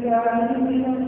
بالله من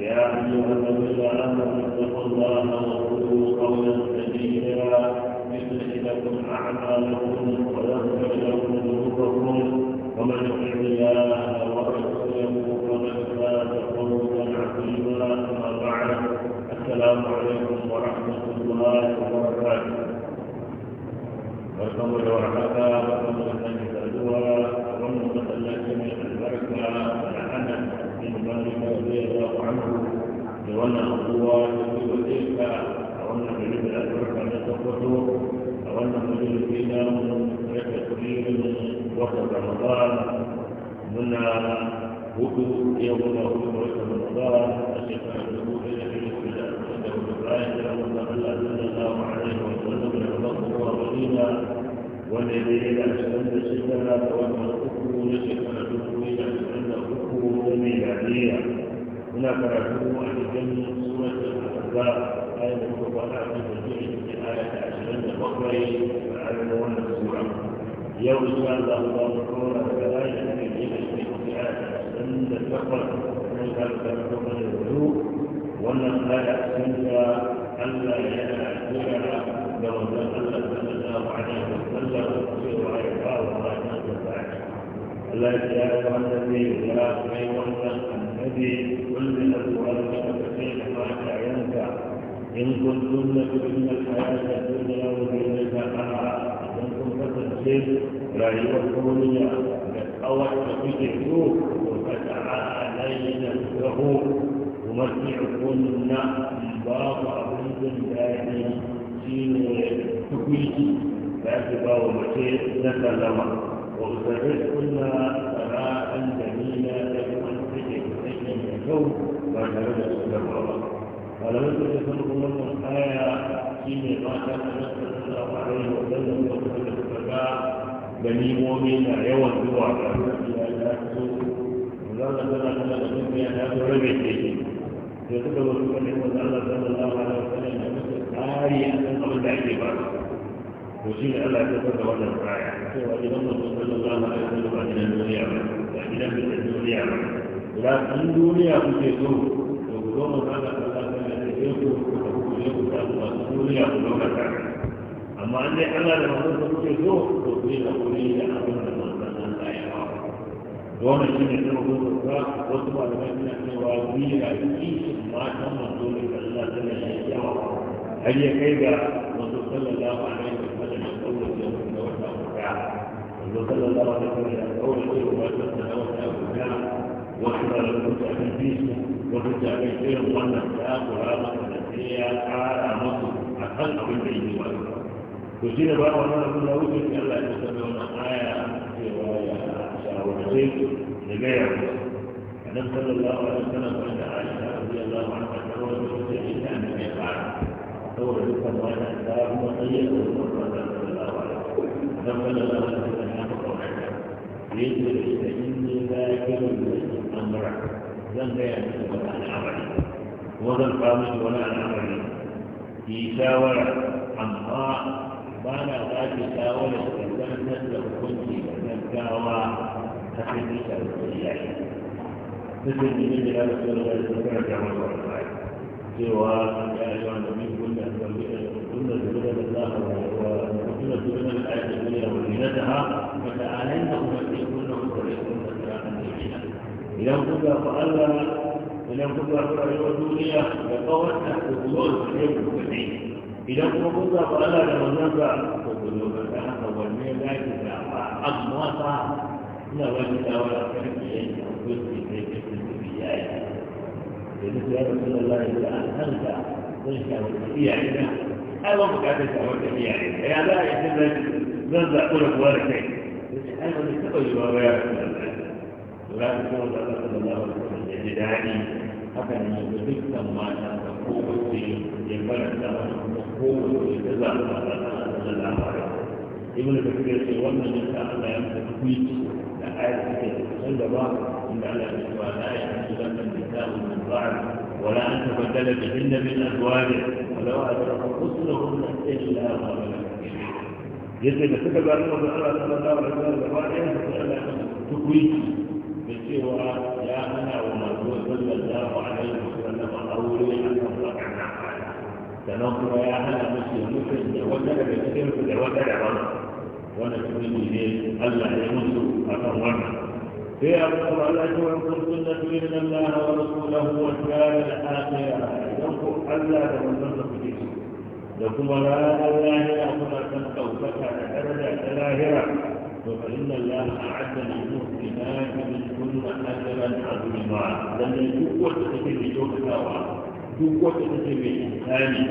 يا أيها الذين آمنوا اتقوا الله وقولوا قولا سديدا يصلح لكم أعمالكم ويغفر لكم ذنوبكم ومن يطع الله ورسوله فقد فاز فوزا عظيما أما بعد السلام عليكم ورحمة الله وبركاته. Bertemu dengan kata, bertemu dengan kedua, da wannan abubuwa da kuma tsinka a wannan gari da albarka na tabbato a wannan majalisi na na tasirin wata ramadan muna hudu yau muna hudu da wata ramadan a shekarar dubu ɗaya da ɗari da arba'in da hudu bayan da wannan allah sallallahu alaihi wa sallam da rabon kowa madina wanda ya yi da ashirin da shekara da wannan uku na shekarar dubu ɗaya da ashirin da uku na miladiyya هناك كرهوه أن يجمع سورة الأحزاب آية المباركة في تشريع من آية عشرين البقرة على مولى السورة يوم إن الله الله تعالى كذلك في الجنة في آية عشرين البقرة من ذلك الحكم الوجوه والنصارى أحسنت ألا يدع لو أن الله يا أيها النبي يا أيها النبي كل أزواجك فكيف ما أعينك إن كنتن تردن الحياة الدنيا وزينتها معها إن كنت تنسيت لا يوفوني أول تفيد الروح وفتعالين له ومتعكن باطع بنت دائما سين تكويتي فأتباع ومشيت نسلمك وأزعجكن سماء جميلا لكم الفجر سيئا الجو وجعل السلام الله ولم تكن لكم آية فيما كان النبي صلى الله عليه وسلم وسلم الفتاة بني مؤمن يوم الجوع وزارة الله تعالى تسمي أن هذا ربع شيء يقول الله صلى الله عليه وسلم آية أن تقبل بعيد بعض وشيل الله تسمي وجه الآية cewa a gidan duniya ba gidan bisan duniya ba da in duniya kuke so da manzon sa kuke so to ku yi hakuri da ya ba wannan shi ne kuma gudu ba wasu malamai har ya kai ga manzon sallallahu alaihi وصلى الله من الأول شيء وأكثر من الأول أبو وكبر في البيسة ومتع في الفيل وأن الكتاب وهذا التي على مصر أقل بقى وأنا أقول له أوجد ألا يتسمعون آية في رواية عشر ونسيت لجاية النبي صلى الله عليه وسلم وعند عائشة رضي الله عنها تزوج بنت عيسى من يفعل تزوج بنت عيسى هو سيد رسول الله صلى الله عليه وسلم يجري فإني ذاكر لكم أمرا لم يكن ولا عن عملي ولا القامت ولا عن عملي في شاورة عمراء بانا ذاك شاورة فكان نسلك كنت فكان كاوى تحديث الوصيات مثل من جلال رسول الله صلى الله عليه وسلم سوى كنا كنا الله وكنا ذكرنا الآية الدنيا وزينتها فتعالينا idan kuka fi Allah idan kuka fi rayuwar duniya da kawar da kukulo da kare kuka ne idan kuma kuka fi Allah da manzansa kukulo da ta haka wanne za ki zaɓa amma ta ina wani shawara kan ki yanke hukunci sai ka tuntubi yayi yanzu ya rasu da Allah ya an hanta zan shawarci iyayena ai ban bukatar shawarci iyayena ya za a yi zan zaɓi rabuwa da kai ai ba zai taɓa yiwuwa ba ya rasu da Allah ranar da wanda aka da wani kuma ya daɗi haka ne ga dukkan mata da kowace ya faranta wani kuma da ta zaɓa da Allah da labarai ibn kafir ce wannan ne ta Allah ya mutu kuici da ayar da take kusan gaba inda Allah ya ce wa la ya'tulanna nisa'u min da ولا أن da بهن من da ولو أدركوا da إلا ما da يجب أن da الله تعالى da الله عليه da تكويت بسوى يا أنا ومرسول صلى الله عليه وسلم أولي أن أطلقنا على تنظر يا أنا مسلم مسلم لوجد بسير لوجد عمر ونسلم إليه ألا يمس أفرنا في أكثر الأجوع كنتن تريدن الله ورسوله والدار الآخرة ينفق ألا تمسك به لكم ولا الله أمر أن توفك أبدا الآخرة فإن الله أعد للمؤمنات كل أجرا عظيما لأن القوة تتم جهدها القوة تتم إنساني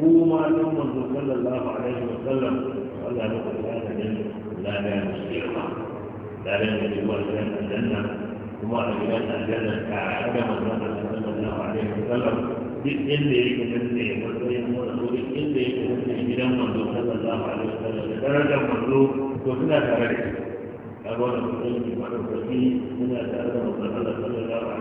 قوما ثم صلى الله عليه وسلم قال له الآن لا لا لا لا لا لا لا وما أجلنا الجنة كعدم الرسول صلى الله عليه وسلم بالإذن يكتبني والإذن يكتبني إذن يكتبني إذن منذ صلى الله عليه وسلم درجة منذ ko suna tare da shi a ga wannan kusan shi wata kusurki suna tare da masu Allah sallallahu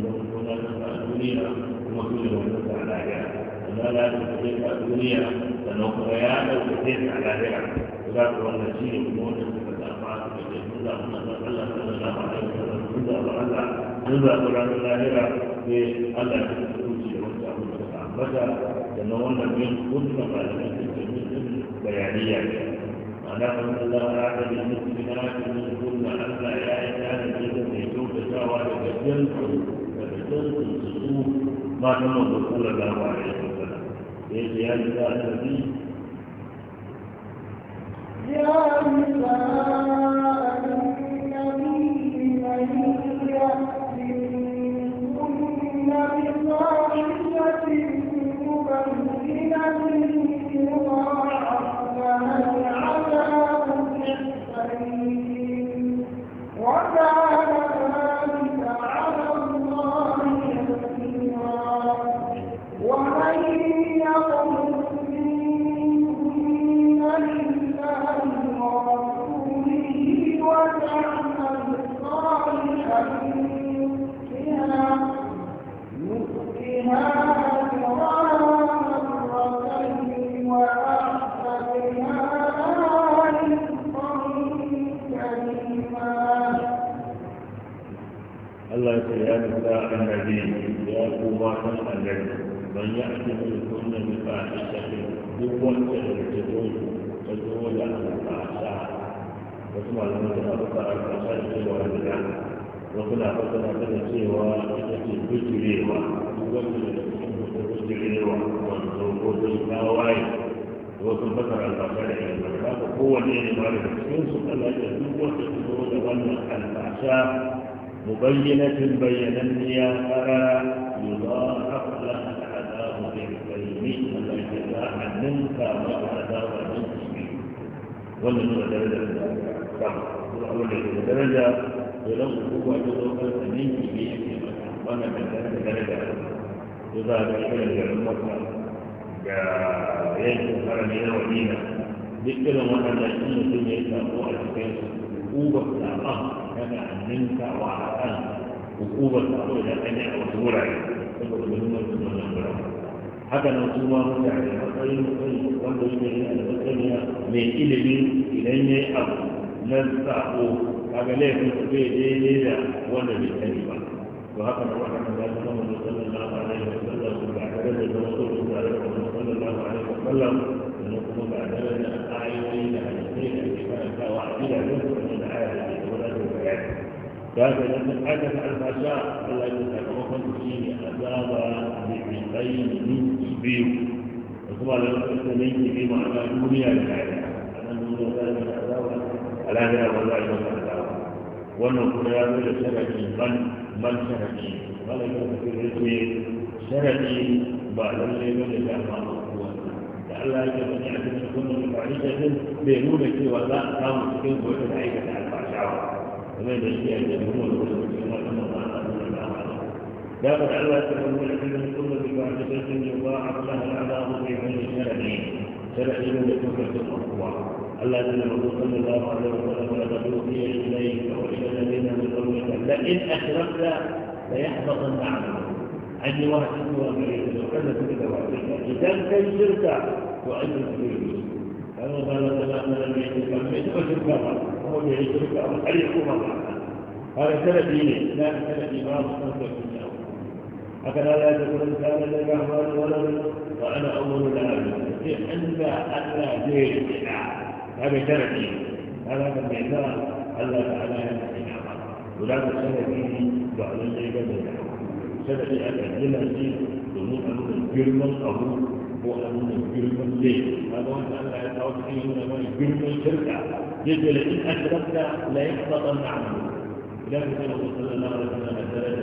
alaihi wa sallam idan kuma na su a duniya kuma su ne wanda ta a lahira sannan ya ɗauke ta duniya sannan kuma ya ɗauke su a lahira za su wannan shi ne kuma wanda suka zaɓa suka ce sun zaɓi Allah sallallahu alaihi wa sallam sun Allah sun zaɓi ranar lahira sai Allah ya kuce wanda abu da suka ambata sannan wannan yin kusa malamai sun ce mutum bayaniya ne ولكن الله أعلم المسلمات منهن ألا يا إنسان جدا يجوب جاوى لبجلكم لبجلكم سقوط ما تم الدخول له عليه وسلم يا نساء النبي يا نساء النبي من يأتي منكن بفاحشة مبينة مبينة يا أرى يضاعف لها العذاب بالبين الجزاء منك والعذاب منك ولن درجة ولن درجة ولو هو يضاعف منك بيده وانا من درجة يضاعف إلى الأمة yankin harami na wadina duk irin waɗanda shi mutum ya samu a cikin ubar sa'a ربنا ان ننفع وعلى وقوة وقوبة الى ان يحفظوا حتى لو تما رجع الى مكان مكان وانت يجب ان يكون من الى من الى ان يحفظ نزعه هذا لا يكون في دين الى ولا بالكلمة وهذا ما وقع من ذلك صلى الله عليه وسلم صلى الله عليه وسلم كافر أن حدث الفحشاء ألا يتكفف فيه عذاب بعينين من كبير وثم لم تستميت في دنيا الآخرة أنه ذلك العذاب الآخرة والله العذاب ونقول يا أولي شرعي من من شرعي قال ابن كثير شرعي بعد من كان معروف لعل أن يكون من بعيدة بينونك وذا قام بكل بعيدة وما يدعي الجمهور دابت على أنه العلم كل بفاحشة يضاعف لها العذاب في عمر سنتين سنحل لكم في الأقوى الذين صلى الله عليه وسلم لتوفي إليك وإلى الذين من قبلك لئن أشركت ليحبطن أعمالك عندي واحد هو مريض وكذا كذا إذا كان شركة وأجر في الفلوس فما بالك أن لم يكن كم يتوجه هو اللي يشرك أو الحريق هو هذا سلبي لا سلبي ما مستنفر في الأول هكذا لا تكون الإنسان إلا كهوان ولد وأنا أول العالم أنت ألا زيد هذا سلبي هذا من الإنسان ألا تعالى يمكن ولا سلبي وعلى الليل من سلبي أبدا للمسجد domin a nuna girman abu ko a nuna girman laifi a ga wanda Allah ya kawo جرم nuna يجب لئن أشركت لا يحفظ المعمل إذا كنت صلى الله عليه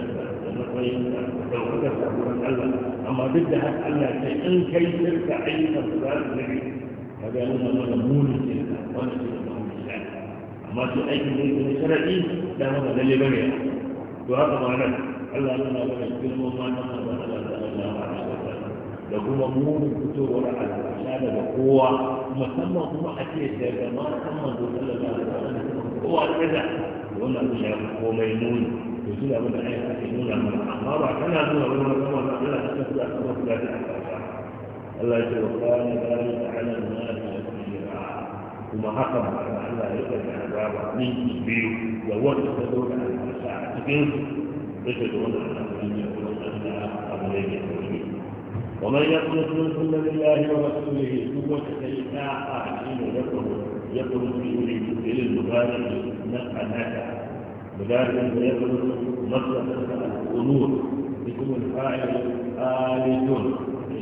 وسلم أما بدها أن شيء إن كي تلك أي مسؤول النبي هذا أنا ما نقول أما شيء أي شيء من لا هو دليل بعيا وهذا معنى الله لنا ولا يكلم الله ما الله عز da kuma mugun fitowar al'asha daga kowa musamman kuma a ce daga matan manzo sallallahu alaihi wasallam kowa kada wannan abin ya fi komai muni to shi da wanda ayyuka ke nuna mana amma ba kana nuna wani sama na Allah ta tafi a sama su da ta Allah ya wa kana zalika ala an-nas yasira kuma haka ba Allah ya kace azaba ninki biyu da wanda ta dauka al'asha a cikin su yake da wannan abin ya kuma Allah abu ne ke ومن يقنط كل لله ورسوله قوة فإذا أعلم لكم يقول في أولي إلى المبارك نفعا نافعا مبارك يقول مصلحة الأمور بكم الفاعل آلتون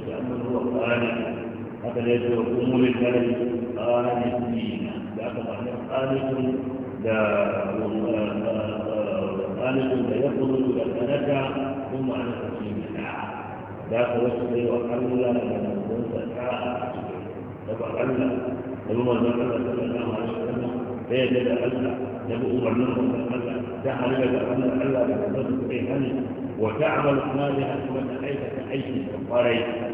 لأنه هو آلة هذا ليس أمور البلد آلتين لا لكن آلة لا آلة لا يقول لك ثم أنت ذاك وسبي وقلنا لما نكون سكاء نبقى قلنا نبقى نقلنا صلى الله عليه وسلم بيد الألة نبقى أمرنا الألة دخل إلى الألة الألة لنبقى بيهن وتعمل صالحا من حيث تعيش القرية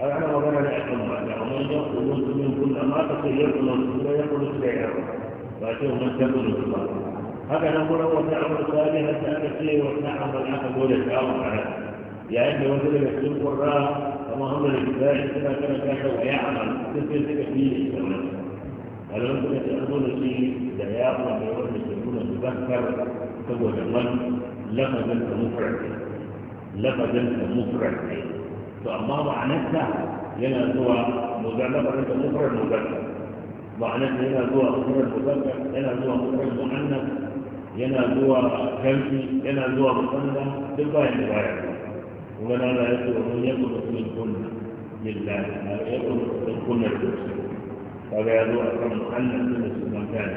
هذا أنا وغير لأكل ما تعمل يقول من كل ما تخيرت من كل يقول سيئا فأتيه من تقول الله هكذا نقول هو تعمل صالحا تأتي وتعمل أكل ولد أو على يعني هو كده مسلم قراء كما هم الكتاب كما كان كذا ويعمل تسير كثير هل ممكن تأخذون شيء لا يعمل ويقول المسلمون تذكر تقول انت مفرد لقد انت مفرد فأما معناتها هنا هو لقد أنت مفرد مذكر معناتها هنا هو مفرد مذكر هنا هو مفرد مؤنث هنا هو كمشي هنا هو مصنف تبقى الرواية ومن لا يكون ومن يكون كنا لله لا يكون منكن لنفسه قال يا ذو أكرم أن من من كان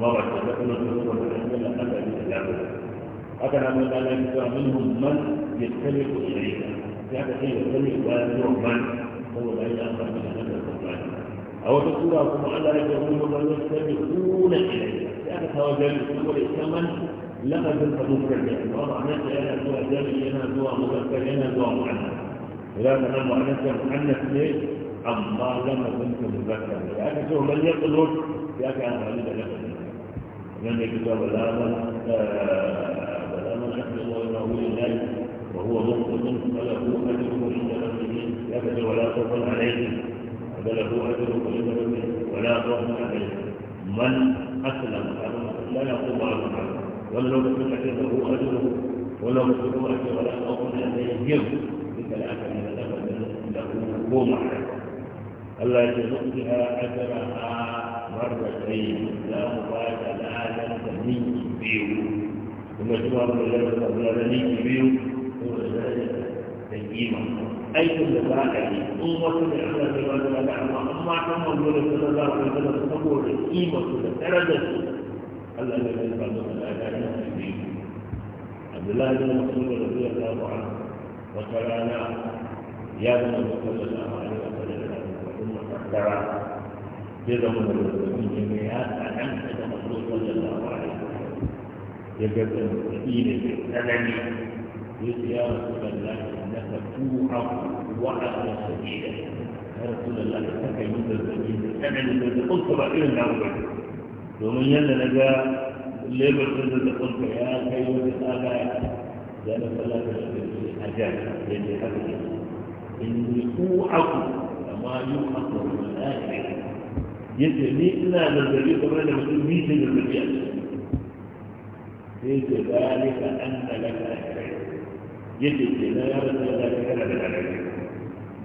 مرت تكون النفوس الحمد لله أتى بالإسلام أتى من لا يكون منهم من يختلف إليه هذا شيء يختلف ويكون من هو لا يأمر من هذا القرآن أو تقول أن لا يكون منهم من يختلفون إليه هذا هو يقول الأول كمن لقد المفرد يعني نفسي أنا زوا جمعي أنا زوا مذكر أنا زوا مؤنث ولكن أنا مؤنث مؤنث ليه؟ الله لما كنت مذكر اخي شوف من يقول يا أخي أنا غالبا لك من يقول ولا من ولا من أسلم ويروي الله وهو مؤمن فله أجره عند ربه يا ولا خوف عليهم فله أجره عند ربه ولا خوف عليهم من أسلم لا يقوم على ولا لو ولو كده هو أجره ولا مسلم رجل ولا خوف ان يهجم تلك الاثم له مفهوم الا يجلسها اثرها مرتين لا مباشر لا تنمي بيو ثم تمر بالله قبل ذلك بيو ثم ذلك تجيما اي كل ذلك امه الاحلام والدعوه اما كما يقول صلى الله عليه وسلم تقول قيمه درجه ألا يجب أن الآيات المسلمين عبد الله بن مسعود رضي الله عنه وقال أنا يا ابن صلى الله عليه وسلم ثم تحترى جزم المسلمين عن أن أنت مسعود صلى الله عليه وسلم يجب أن المسلمين بالسلم يقول يا رسول الله إنك توعظ وعظ سبيلا يا رسول الله إنك يمثل سبيلا سمعني قلت بقيل الأول domin yadda na ga lebar ɗin da kunka ya kai wata tsada da na falata da ke a jan yadda haka ne in yi ku aku amma yi aku da yadda ni ina zazzabi kamar da mutum ni ce zazzabi a sai ce zalika an da laka yadda ke na yaran da ya kana da ƙarfi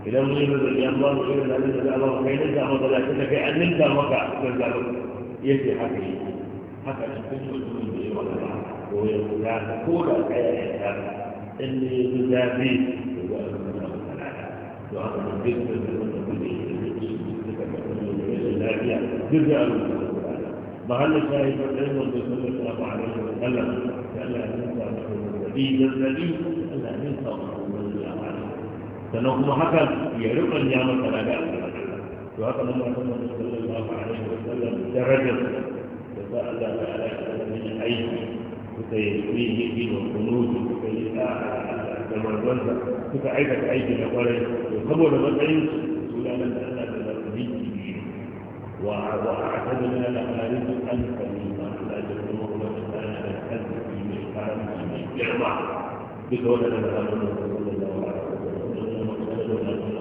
idan mun yi zazzabi an ba mu irin da da za a ba mu da mu da kai an ninka maka zazzabi يدي هذه هكذا تقول من بشر الله ويقول لا تقول الحياة الإسلام إني مزابي هو أبنى الله تعالى وأبنى الله تعالى وأبنى الله جزء من القرآن فهل الشاهد أيضا بسم الله عليه وسلم كلا ننسى الذي الذي كلا ننسى الله عليه وسلم سنقوم هكذا يرقى اليوم الثلاثة وعقل محمد صلى الله عليه وسلم درجة وسأل تعالى من أيه وسيكفيه في الخلود وسيتزوجها وسأعيدك أيدي نقري وقبل مدعي سلالا لنا بالرقمي وأعتدنا لها رزقا كريما لا تكون مكانا الحد في محرم في نعمة بقول الله صلى الله عليه وسلم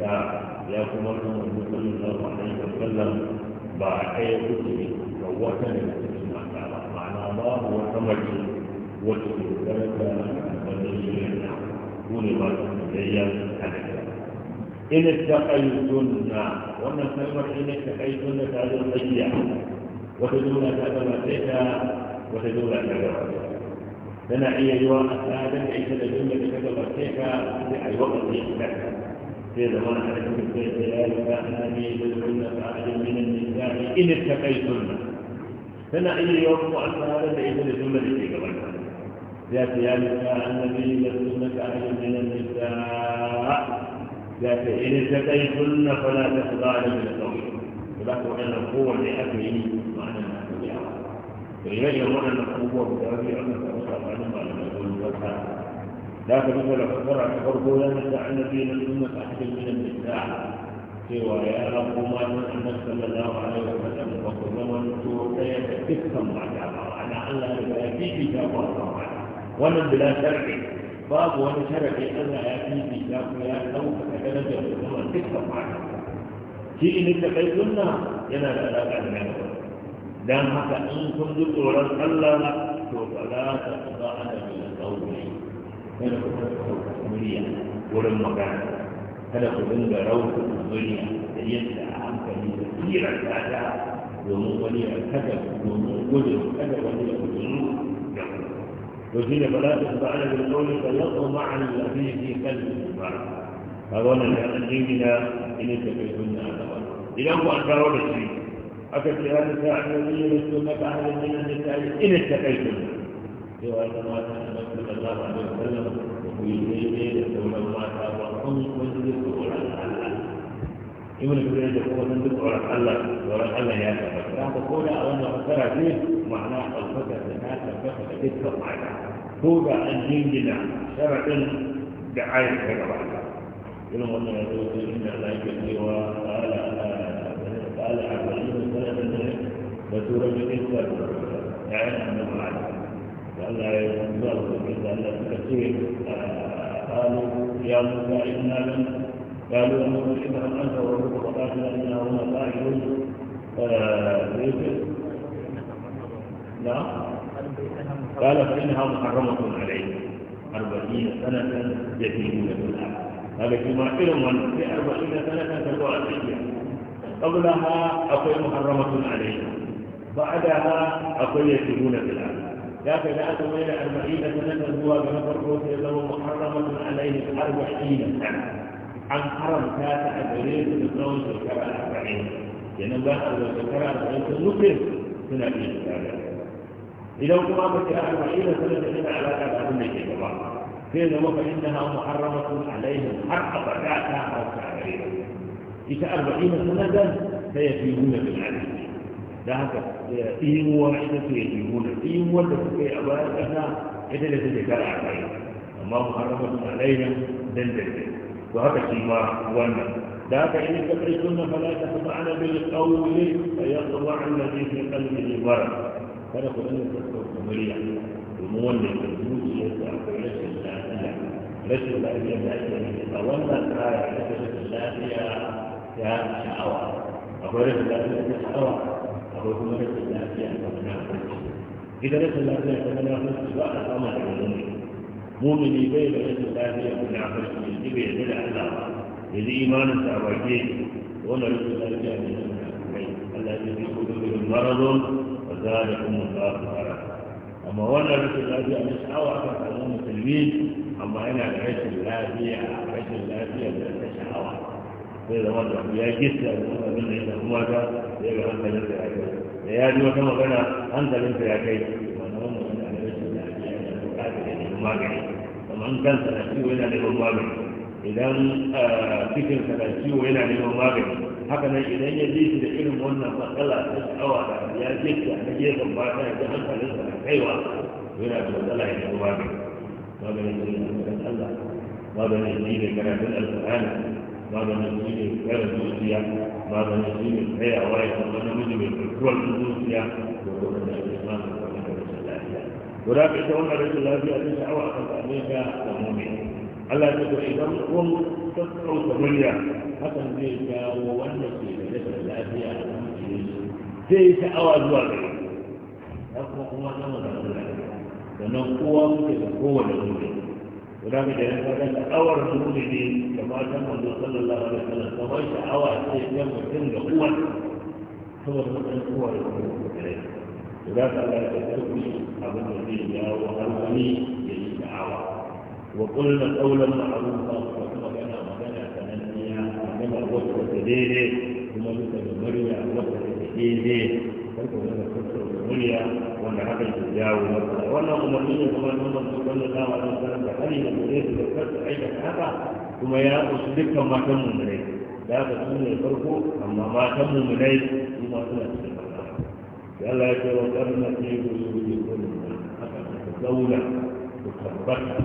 da ya kuma kan wani kullum na wani wasallam ba a kai kuke ga wata da kuke mata ba ma'ana ba mu wata mace wata ke karanta na wani shirya na kone ba ta tsayayya a daga ina ta ayyukun na wannan kalmar ina ta ayyukun na ta zama tsakiya wata dola ta zama tsaita wata dola ta gaba tana iya yiwa a tsarin da ita da jimla da ta gaba tsaita sai a yi wakar da ya في زمان حديث الكيسيان كان النبي من النساء إن اتقيتن فلا أي يوم وأنت هذا بإذن الجملة ذات يا نساء النبي يدعون فعل من النساء ذات إن اتقيتن فلا تخضعن من القول فذاك أن القوة لأبي معنى فإذا يرون أن القوة أن فأصحاب عنهم على ما يقول لكن مثل الفرع الفرق لا نسأل في الأمة أحد من النساء سوى يا رب ما أن صلى الله عليه وسلم وسلم توفي تفهم معناها على أن لا يأتي كتاب الله تعالى ومن بلا شرع باب ولا شرع أن لا يأتي كتاب يا لو فتكلم وسلم تفهم معناها في إن تقيتنا ينا لا لا تعلم دام حتى إن كنت تورا الله تو فلا تقضى هلكوا تلك الحمية والمكان هلكوا عند أن يدفع كثير الأعداء ومغني الهدف ومغني الهدف ومغني الذنوب وزين فلا تخضع على القول فيطمع الذي في قلبه هذا الذي بنا ان على الله. اذا هو انكار الشيء اكثر هذا الساعه الذي يمس المتعه من النساء ان اتقيتن cewa ita ma ta da su da Allah da sallam ku yi daidai da sauran mata ba kun wani zai tsoron Allah ibn Kathir da kuma san duk tsoron Allah tsoron Allah ya tabbata dan ko da a wannan fasara ce ma'ana alfaka da ta tabbata da dukkan mata ko da an jingina sharadin da ayat ta gabata irin wannan ya zo cikin da Allah ya cewa qala قال عبد الله بن سلمة بسورة الإنسان يعني أنه عليه فلا يزال إلا كثير قالوا يا موسى إنا لن قالوا يا موسى أنت وربك فقاتل إنا هنا قائلون لا قال فإنها محرمة عليه أربعين سنة يتيمون في هذا كما علم في أربعين سنة تدعو قبلها أقول محرمة عليه بعدها أقول يتيمون في الأرض ذاك إذا أتوا أربعين سنة هو بنفر فإنه محرم عليه الأربعين عن حرم كاس في بالنوم شكرا أربعين لأن يعني الله أربع في أربعين سنة سنة الكرة إذا كما بك أربعين سنة إلى علاقة أبنى كبار فإنه فإنها محرمة عليهم حق أو أربعين إذا أربعين سنة سيفيدون بالعدل da haka iyuwa ita ce yiwu da iyuwar da suka yi a bayan ƙasa ita da take kara a kai amma mu harama su alaina dan da ke to haka shi ma wannan da haka in ka kai sunna fala ta kuma ana bil qawli fa yaqwa alladhi fi qalbihi marad kada ku dinga tsotsa murya domin wannan da zuciyarsa akwai rashin lafiya rashin lafiya da ake yi a wannan tsara da rashin lafiya ya sha'awa akwai rashin lafiya da sha'awa إذا ليس الله لك من أخذ سواء أقام على الدنيا مؤمن يبيع بلد الله لك من أخذ يبيع بلا أخلاق يدي إيمان التعواجين وأنا لك ذلك من أخذ الذي في قلوبه مرض وذلك من الله تعالى أما وأنا لك ذلك من أسعوا أخذ على أما أنا لعيش الله لك عيش من zai zama da ya gista da abin da ya kuma mata zai ga hankalin da ya kai da ya ji wata magana hankalin da ya kai wannan magana da rashin lafiya da bukatar da neman magani kamar kansa na ciwo yana neman magani idan ah, cikinsa na ciwo yana neman magani haka nan idan ya ji da irin wannan matsala ta sha'awa da ya gista na gefen mata ya ji hankalinsa na kaiwa yana da matsala ya kuma magani maganin da ya Allah maganin da ya karatun alƙur'ani maganin shi ne tsara zuciya maganin shi ne tsayawa ya zama namiji mai karkuwar zuciya da wannan da ake samun kwanan da rashin lafiya guda ka ita wannan rashin lafiya ta sha'awa a kasane ka da mume Allah ya ce idan kun sassauta murya hakan zai kawo wanda ke da rashin lafiya a zuciyar zai sha'awa zuwa gare ya kuma kuma zama da wannan sannan kowa muke da kowane zuciya guda mai da ya faɗa da awar nuni ne da matan manzo sallallahu alaihi wasallam ta bai sha'awa ce ta mutum da uwar saboda mutum uwar da kuma kare guda ta Allah ya tafi abin da zai yawo har wani ya yi sha'awa wa kullu qawlan ma'rufa wa kuma kana magana sananniya magana wacce ta daidai kuma duka da murya wacce ta daidai farko da farko murya wanda haka ke jawo masa wannan umarni ne kuma nuna su wanda za mu ɗan da hali da gare su da kasu aikata haka kuma ya kusa dukkan matan mummunai da haka su farko amma matan mummunai su ma suna cikin farko yalla ya ce wa ƙarna ce ku su gudu kun haka ku zauna ku tabbata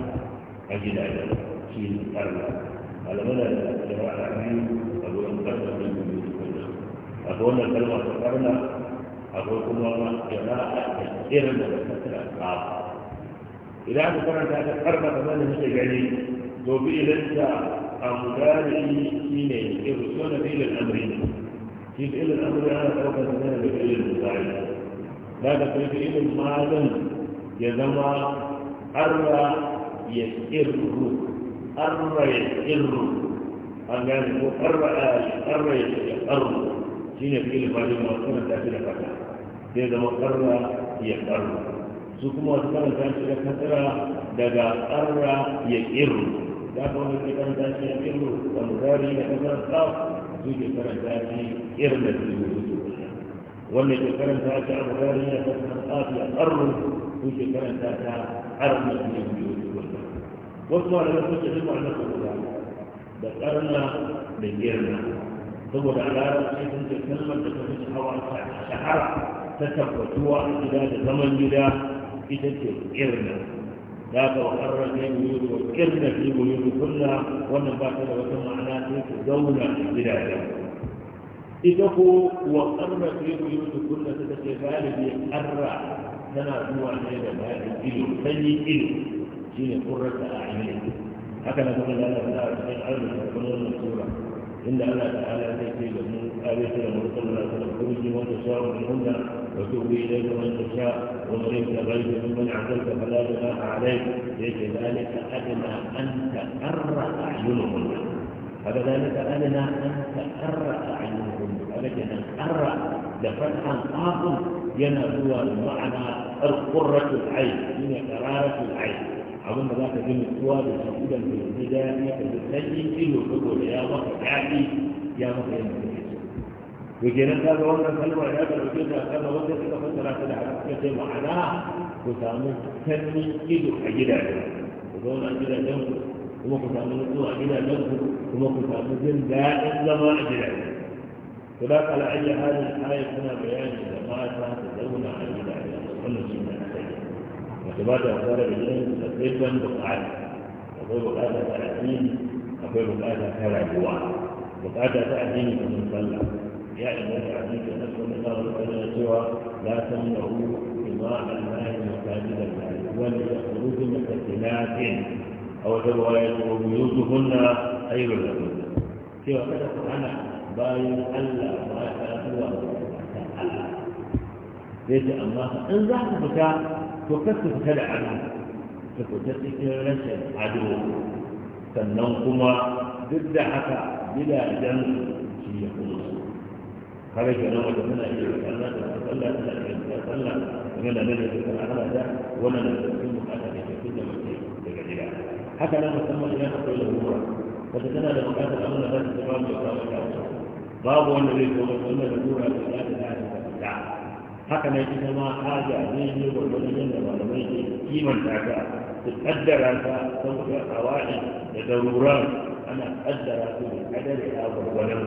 a gidajen shi ƙarna malamai da da ra'ayi a gurin ƙarna ne ku yi kun haka wannan ta ƙarna أقول لكم والله جماعة كثيرا مثل أصحاب إذا أنت كانت هذا الحرب كمان مستجعلين لو بي لنسى أمداري سينين يرسلون في إلى الأمرين في إلى الأمر أنا أتوقع أن في إلى المساعدة لا تقول إلى المعادن يزمى أرى يسئره أرى يسئره أرى يسئره أرى يسئره شين في إلى المعادن وأنا تأتي لفتح sai zama karra ya karra su kuma wasu karanta shi da kasra daga karra ya kirru za ka wani ke karanta shi ya kirru da mutari da kasar tsaf su ke karanta shi irin su yi wanda ke karanta shi a mutari da kasar tsaf ya karru su ke karanta ta arna su yi wasu ma da wasu ke duk da karna da girna saboda a ce sun ce kalmar da ta fi shahara ta tabbatu, a gida da zaman gida ita ce irna da ka wa karrata da yuri wa kirna fi da kulla wannan ba ta da wata ma'ana sai ta zauna a gida da ita ko wa mu yi buyuti kulla ta ce galibi arra tana zuwa ne da bayan ido sanyi ido shine kurrata a ainihi haka na kuma lalata a cikin arzikin kwanon sura إن الله تعالى ليس له أليس له صلى الله عليه من تشاء منهن وتؤوي إليك من تشاء وغيرك ابتغيت ممن عزلت فلا جناح عليك ليس ذلك أدنى أن تقر أعينهن ذلك أدنى أن تقر أعينهن أبدا قر لفتحا آخر ينبوى بمعنى القرة العين من قرارة العين أظن ذاك من القوى بالتأكيد من الهدى مثل الثاني في الحضور يا ظهر عادي يا ظهر يا مثل وجينا هذا وقت سلم وعياذ الوجود هذا وقت كده فترة كده حتى معناه كتامو تنمي كده حجدا وقولا كده جنبه وما كتامو نقوى كده جنبه وما كتامو جن دائم لما أجل فلا قال عجل هذه الحياة هنا بيان إذا ما أتنا تدون عجل الله سبحانه وتعالى الاعتبار الاعتبار بالذهن تقريبا بقعدة يقول بقعدة تعدين يقول بقعدة كرع جوا بقعدة تعدين من يعني صلى يا إلهي عليك نفس من خلق لا سوى لا تمنعوا إضاء الله المساجد المعرفة ولتخرج من تسليمات أو تبغى بيوتهن خير لكم في وقت القرآن باين ألا ما كان هو الله إن ذهب وقد تبتلع عنه فقدرتك لك عدو ضد بالدعفة بلا دم في يقول خرج نوع من الى الكلمات وتطلع الى الكلمات ولا من يتكلم على هذا ولا من يتكلم على هذا كل ما يتكلم حتى لما تم الاله قيل له امرا فتكلم له هذا الامر الذي تقام بالقران باب ان الذي يقول ان الامور لا تزال تتعب haka nan ita ma haja ne ne gwargwadon yadda malamai ke kimanta ta su kaddara ta saboda kawai da daruran ana kaddara su da kadare a gwargwadon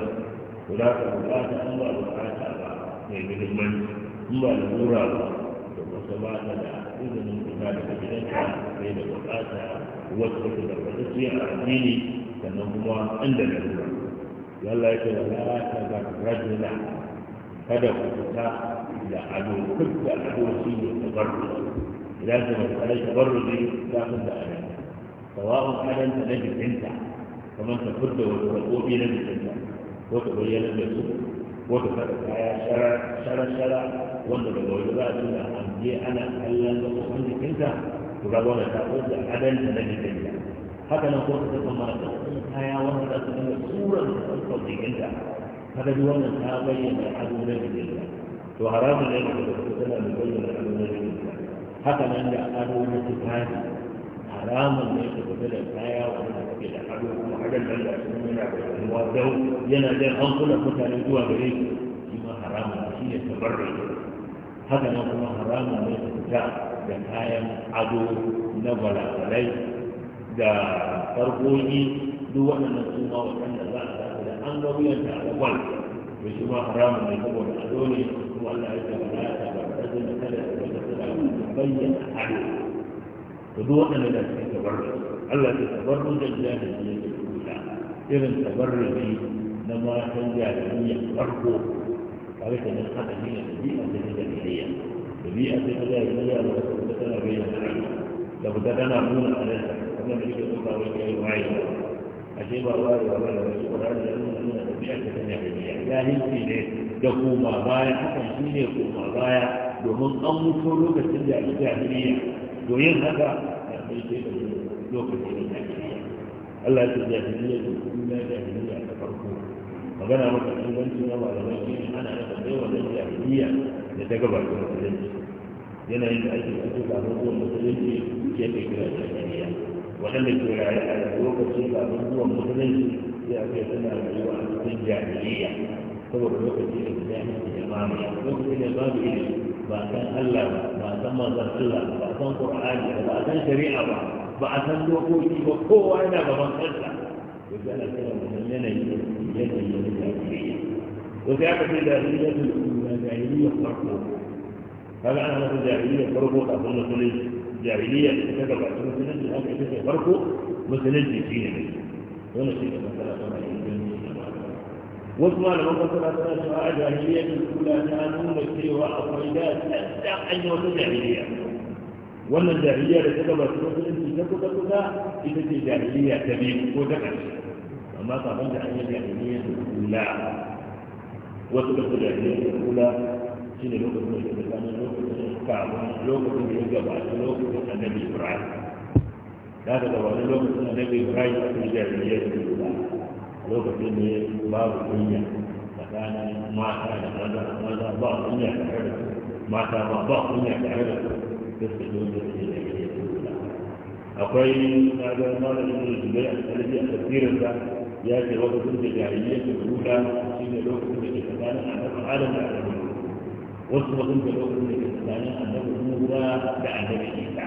su da ka bukata an ba bukata ba mai muhimmanci in ba lura ba da wasu ba ta da izinin fita daga gidanka sai da bukata wasu da gargajiya a addini sannan kuma inda lura yalla yake da la ta gargajina kada ku fita da ado duk da ado shi ne tabarruji idan ka masu tabarruji za ka da ado sawa'un adon ta na jikinta kamar ka fudda wasu raƙoƙi na jikinta ko ka bayyana da su ko ka saka kaya shara-shara wanda daga wajen ana kallon gaɓoɓin jikinta to ga wanda ta ɓoce na jikinta haka nan ko ka saka mara kaya wanda za su dinga tsoron da ɗaukar jikinta haka duk wannan ta bayyana ado na jikinta to haramun ne da su tana da bayyana kalmomin haka nan da ado na tufafi haramun ne da fita da kaya wanda suke da ado kuma hadar nan da su yana da ruwa dau yana da hankulan mutane zuwa gare shi shi ma haramun shi ne tabarrai haka nan kuma haramun ne da fita da kayan ado na balabalai da farkoki duk waɗannan su ma waɗanda za a da an ga wuyanta a kwakwal to shi ma haramun ne saboda ado ne والله يتبعها ان كذا وتبعها تبين عليه فدوء أن لا تتبرج الله تتبرج الجاهلية الأولى إذن تبرج لما كان جاهلية فرقه ولكن الخدمية بيئة الجاهلية بيئة الجاهلية لو تبتلى بين العلم لو تبتلى دون أن كما يجب أن يكون ashe ba ba da ba da wasu ƙwararri da baya hakan shi ne kuma baya domin an mutu lokacin da ake jahiliya to yin haka ya kai ce da lokacin da jahiliya Allah ya jahiliya da kuma jahiliya ta farko magana maka inganci na malamai shi ana da bai wannan jahiliya da ta gabata musulunci yanayin da ake fito da abubuwan musulunci ke kai jahiliya وخلت على الحلوك الشيخ عبد عبده ومخلص في أبيتنا الحلوة في الجاهلية هو الحلوك الشيخ الزيان في الإمامية الحلوك في الإمام إلي بعثان الله بعثان مزر الله بعثان قرآن بعثان شريعة بعثان دوكوي وقوة أنا بمن خلصة وكان كلام مسلمين يجب أن يجب أن يجب أن يجب أن يجب أن يجب أن أن يجب أن أن يجب أن يجب أن يجب أن يجب أن يجب أن يجب أن يجب أن يجب أن يجب أن يجب أن يجب أن الجاهلية كذا بعد ثم تنجي الآن كيف يفرقوا وتنجي فيها هنا شيء من ثلاثة ما يجب وصلى على موقع ثلاثة أشهر جاهلية الأولى كانوا مكتئبة أفريدات تبدأ أن يكون جاهلية وأن الجاهلية لسبب أسباب الإنس لك تقولها إذا كانت جاهلية كبيرة وذكر أما طبعا جاهلية جاهلية لا وصلت الجاهلية الأولى شنو لو كنت مجرد كان kafin lokacin da ya gabata lokacin annabi ibrahim da wani lokacin annabi ibrahim a cikin jariyar da lokacin ne babu kunya tsakanin mata da maza maza ba kunya tare da mata ba ba kunya tare da duk da lokacin da ya akwai tsadar malamin da zubai a tsarki a tafsirin sa ya ce lokacin da jariyar da shi ne lokacin da ke tsakanin annabi adam da annabi wasu ba sun gaba da ke tsakanin annabi musa da annabi isa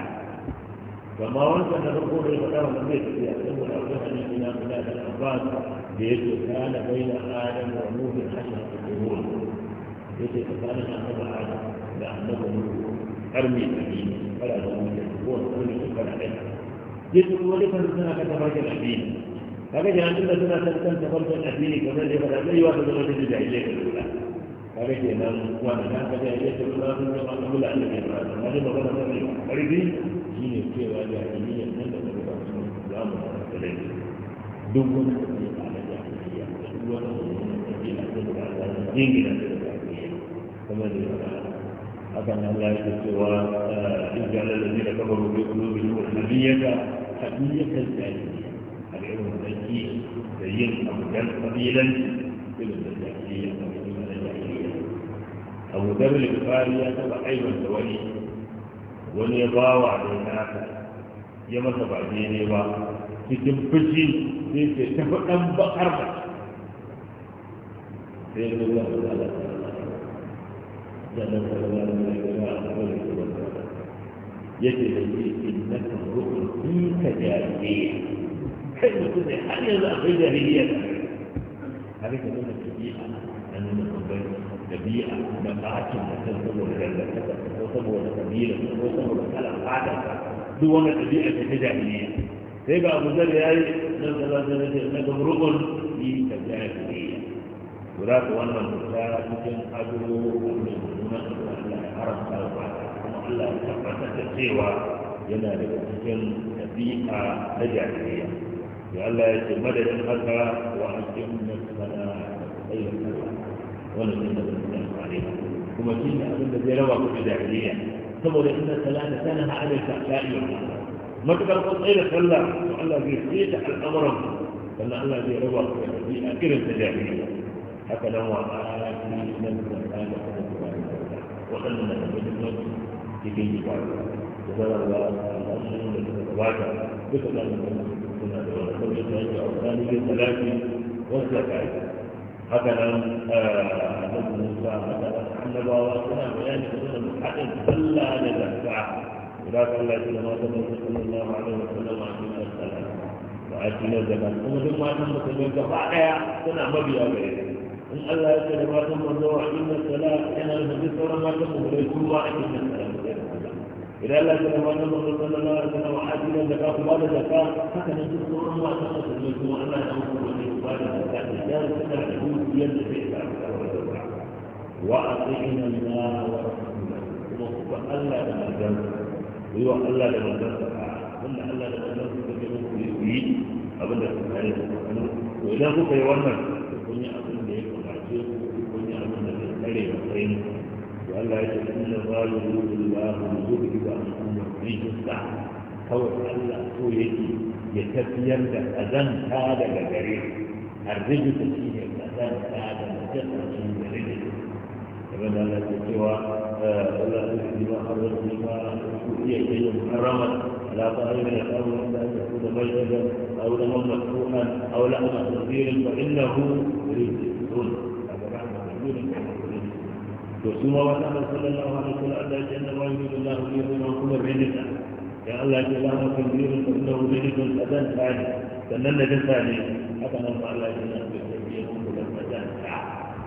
amma wancan na farko da ya faɗa wa zai tafiya saboda akwai hadisi na fita da abbas da ya ce kana adam wa da ruwa ya ce tsakanin annabi adam da annabi nuhu har mai tafi fara da wani da kowane wani ɗaya ya ce kuma dukkan suna ka tafarkin addini kaga jami'in da suna kan tafarkin addini kamar da ya faɗa zai yi wa ta zama da jahilai da kare ke nan wani na kaje ya ce kuma sun yi wani abu da an da ke ba amma dai magana ta ne karfi shi ne cewa da jami'an nan da kuma ba su za mu da kare duk wani da ke ba da jami'a da duk wani da ke da ke da ba da jingina da ba kuma da ba hakan Allah ya ce cewa in ga da jami'a da kuma rubi kulubi wa nabiyya hadiyatul jahiliya al'ilmu da ke da yin abu dan kabilanci ilmin da jahiliya أو مدرب الكفاري يتبع أيضا تولي وني باوع بين آخر يما تبع ديني با في تنفجي في تنفجي بقر بك في الله تعالى جنة الله من الجماعة أولي سبحانه يجب أن يكون لك الرؤى في تجاربية حيث تكون حالي لأخذ هي هذه كلمة كبيرة أنا من أبيض ɗabi'a da ɓacin mutum saboda dangantaka ko saboda kabila ko saboda kalan fatarsa duk wani ɗabi'a ce ta jahiliya sai ga abu zar ya yi nan kaza ta nace na ga rukun yi ta jahiliya to za ka wannan fita cikin ado wannan nuna Allah ya haramta wa kuma Allah ya tabbatar da cewa yana daga cikin ɗabi'a na jahiliya ya Allah ya ce madadin haka wa hakimin sana da tsayin ولا سنة الله عليها وما سنة أبن الذي في الجاهلية ثم لأن الثلاثة كانها عن الفحشاء والمنكر ما تقدر تقول إيه فلا في سيدة الأمر فلا الله بيروى في أكل الجاهلية حتى لو أعلى في من كان وخلنا نتمنى في كل جبال وزرع الأمر المتواجع بكل من كنا دولة كل ثلاثة أو ثانية ثلاثة والزكاة مثلا النبي آه، موسى مثلا النبوة سنة بيان كل المحدث كلا إذا كان صلى الله عليه وسلم عن السلام وأجل الزمن ثم ما أن المسلمين كفاءة سنة مبيا بيان إن الله يسأل ما تم الله عن السلام إن المسلمين صلى الله عليه وسلم ليس الله عن السلام إذا لا تنوان الله صلى الله عليه وسلم وحاجنا زكاة ولا زكاة فكان يجب أن الله تنوان الله تنوان الله ba da zakka da zakka da dukiyar da zai samu Allah wa ku da ku yi wa da manzansa a da manzansa ku to idan kuka yi wannan da, yi da ya kamace da zai ku kai da, ya ce inna zalimu lahu kawai Allah so yake ya tafiyar da azanta daga gare ku الرجل فيه بعد أن تقع من الرجل فمن لا سوى ولا بما حرم بما أوتي شيء محرما لا طائر يقال أن يكون ميتا أو دما مفتوحا أو لحم خنزير فإنه رجل هذا معنى رجل وسوى وسلم صلى الله عليه وسلم أن الجنة ما يريد الله ليظلمكم الرجل يا الله جل وعلا خنزير فإنه رجل أذن ثاني سنن ثاني حتى nan ba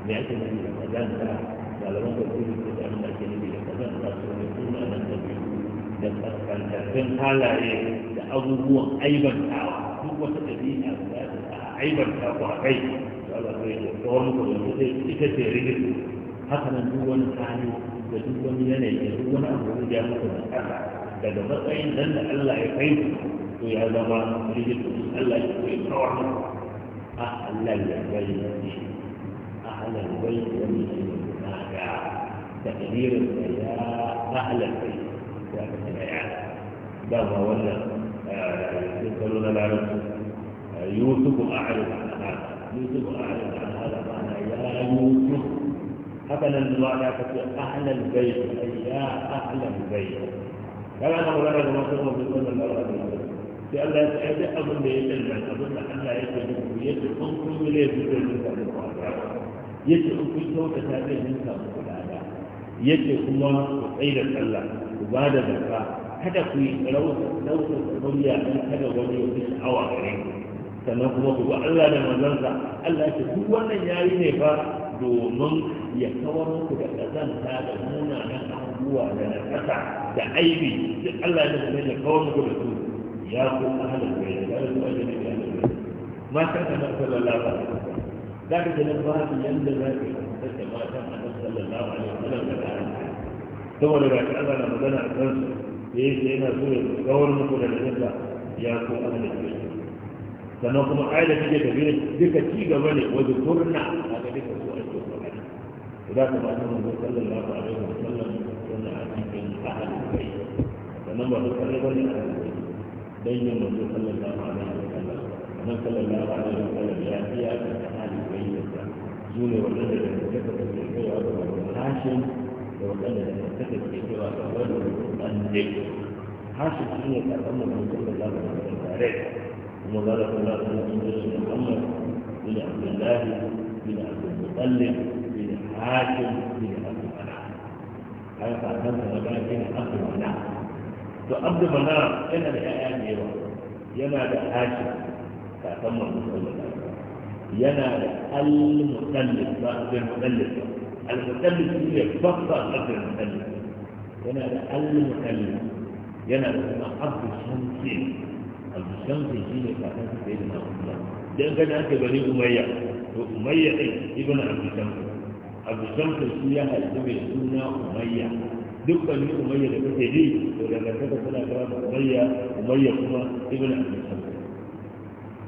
me ake nufi da kazanta malaman da su ke da abin da ake nufi da kazanta su ne suna nan da biyu da kaskantattun halaye da abubuwan aibantawa duk wata ɗabi'a da ta a ku a a kai Allah zai yi da wani kuma zai ita ce rigin haka nan duk wani hanyo da duk wani yanayi da duk wani abu da ya mutu da ƙasa daga matsayin nan da Allah ya kai to ya zama rigin Allah ya kai kawai a ah, Allah ya bayyana shi أهل البيت والجماعة تقدير يا أهل البيت أهل البيت بابا ولا آه، يسألون لا يوسف أعرف عن هذا يوسف أعرف عن هذا معنى يا يوسف هكذا الله لا أهل البيت أي يا أهل البيت كما أنه لا يجب في كل المرات في لا يسعد أظن يتلمن أظن أن لا يتلمن يتلمن كل يتلمن yace in kun kyautata zai ninka muku lada yace kuma ku tsaye da sallah ku ba da zakka kada ku yi rautar murya don kada wani ya fi awa gare sannan kuma ku ba Allah da manzansa Allah ce duk wannan yayi ne ba, domin ya kawar muku da kazanta da munanan abubuwa da ƙasa. da aibi duk Allah ya zama ya kawar muku da su ya ku ahalar gari ya rasu ya da ya rasu mata kana sallallahu alaihi wasallam za ka ganin babu yadda za ka yi da matan annabi sallallahu alaihi wasallam da kayan saboda ba ta ana magana a kansu da yake yana so ya kawar muku da nasa ya ko ana da ke sannan kuma ayat da take da biyu duka ci gaba ne wajen turna a ga duka su ake faɗa za ka ba ta manzo sallallahu alaihi wasallam wannan a cikin ahalin kai sannan ba su kallon wani a cikin dan yin manzo sallallahu alaihi wasallam nan sallallahu alaihi wasallam ya fi ya دون وقلنا المكتب في الشيء هاشم وقلنا المكتب في الشيء أول أنجي حاشم شيء يتأمل من كل الله من التاريخ ومبارك الله من سيدنا محمد من عبد الله من عبد المطلب من حاشم من عبد المناع هذا تعلمت مكان بين عبد المناع فعبد المناع إن الآيات يرى ينادى هاشم تأمل من كل الله ينال المثلث بعد المثلث المثلث هي فقط قدر المثلث ينال المثلث ينال ما حب الشمس حب الشمس هي فقط سيدنا رسول الله لأن كان أنت بني أمية أمية إيه؟ ابن عبد الشمس عبد في هي حسب السنة أمية دكتور من أمية لبس يدي ولما كتب سنة كرام أمية أمية كما ابن عبد الشمس